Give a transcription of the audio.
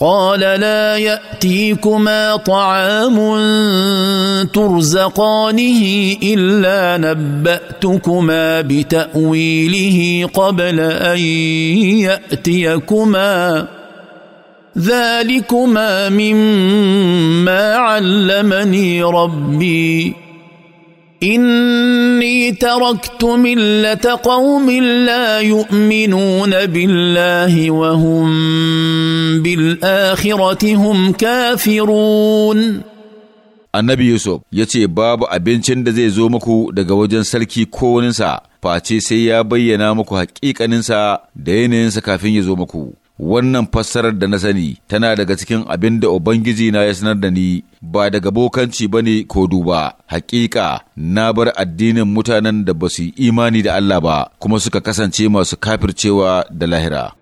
قال لا ياتيكما طعام ترزقانه الا نباتكما بتاويله قبل ان ياتيكما ذلكما مما علمني ربي اني تركت مله قوم لا يؤمنون بالله وهم بالآخرة هم كافرون Annabi Yusuf ya ce babu abincin da zai zo muku daga wajen sarki ko face sai ya bayyana muku haƙiƙaninsa da yanayinsa kafin ya zo muku. Wannan fassarar da na sani tana daga cikin abin da Ubangiji na ya sanar da ni ba daga bokanci ba ne ko duba. Hakika na bar addinin mutanen da ba su imani da Allah ba kuma suka kasance masu kafircewa da lahira.